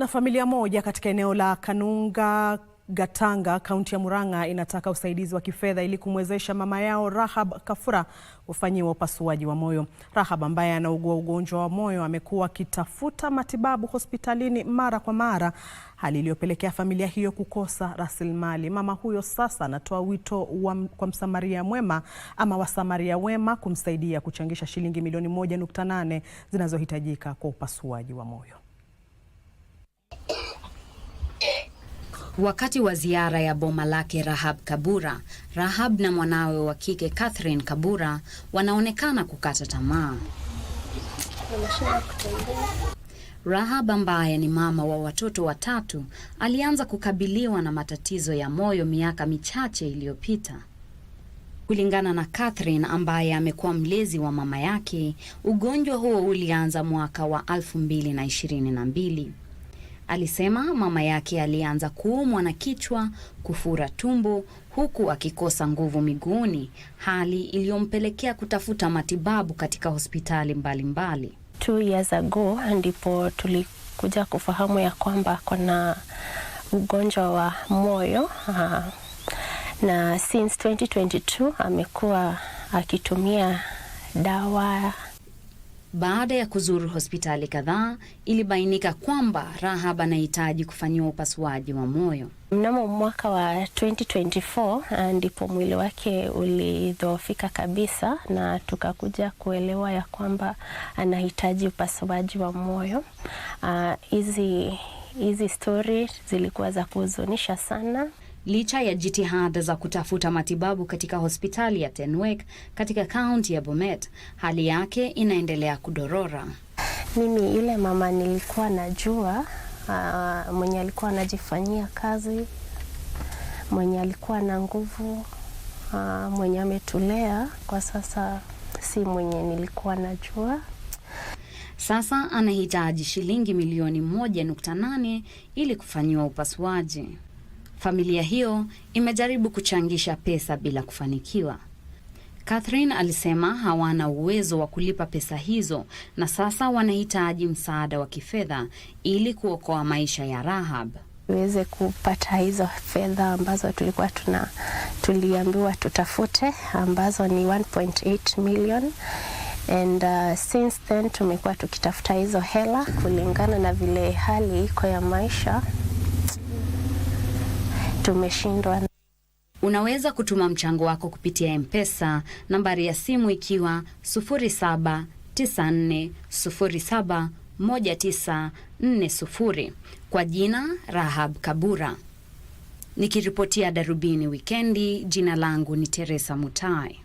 Na familia moja katika eneo la Kanunga Gatanga, kaunti ya Murang'a inataka usaidizi wa kifedha ili kumwezesha mama yao Rahab Kafura kufanyiwa upasuaji wa moyo. Rahab ambaye anaugua ugonjwa wa moyo amekuwa akitafuta matibabu hospitalini mara kwa mara, hali iliyopelekea familia hiyo kukosa rasilimali. Mama huyo sasa anatoa wito kwa msamaria mwema ama wasamaria wema kumsaidia kuchangisha shilingi milioni 18 zinazohitajika kwa upasuaji wa moyo. Wakati wa ziara ya boma lake Rahab Kabura, Rahab na mwanawe wa kike Catherine Kabura wanaonekana kukata tamaa. Rahab ambaye ni mama wa watoto watatu alianza kukabiliwa na matatizo ya moyo miaka michache iliyopita. Kulingana na Catherine ambaye amekuwa mlezi wa mama yake, ugonjwa huo ulianza mwaka wa 2022. Alisema mama yake alianza kuumwa na kichwa, kufura tumbo, huku akikosa nguvu miguuni, hali iliyompelekea kutafuta matibabu katika hospitali mbalimbali Two years ago ndipo tulikuja kufahamu ya kwamba kuna ugonjwa wa moyo ah, na since 2022 amekuwa akitumia dawa baada ya kuzuru hospitali kadhaa, ilibainika kwamba Rahab anahitaji kufanyiwa upasuaji wa moyo. Mnamo mwaka wa 2024 ah, ndipo mwili wake ulidhoofika kabisa, na tukakuja kuelewa ya kwamba anahitaji upasuaji wa moyo. Ah, hizi uh, hizi stori zilikuwa za kuhuzunisha sana licha ya jitihada za kutafuta matibabu katika hospitali ya Tenwek katika kaunti ya Bomet, hali yake inaendelea kudorora. Mimi yule mama nilikuwa najua, uh, mwenye alikuwa anajifanyia kazi, mwenye alikuwa na nguvu, uh, mwenye ametulea kwa sasa, si mwenye nilikuwa najua. Sasa anahitaji shilingi milioni moja nukta ili kufanyiwa upasuaji. Familia hiyo imejaribu kuchangisha pesa bila kufanikiwa. Catherine alisema hawana uwezo wa kulipa pesa hizo na sasa wanahitaji msaada wa kifedha ili kuokoa maisha ya Rahab. Tuweze kupata hizo fedha ambazo tulikuwa tuna tuliambiwa tutafute ambazo ni 1.8 million and uh, since then tumekuwa tukitafuta hizo hela kulingana na vile hali iko ya maisha tumeshindwa. Unaweza kutuma mchango wako kupitia M-Pesa, nambari ya simu ikiwa 0794071940 kwa jina Rahab Kabura. Nikiripotia Darubini Wikendi, jina langu ni Teresa Mutai.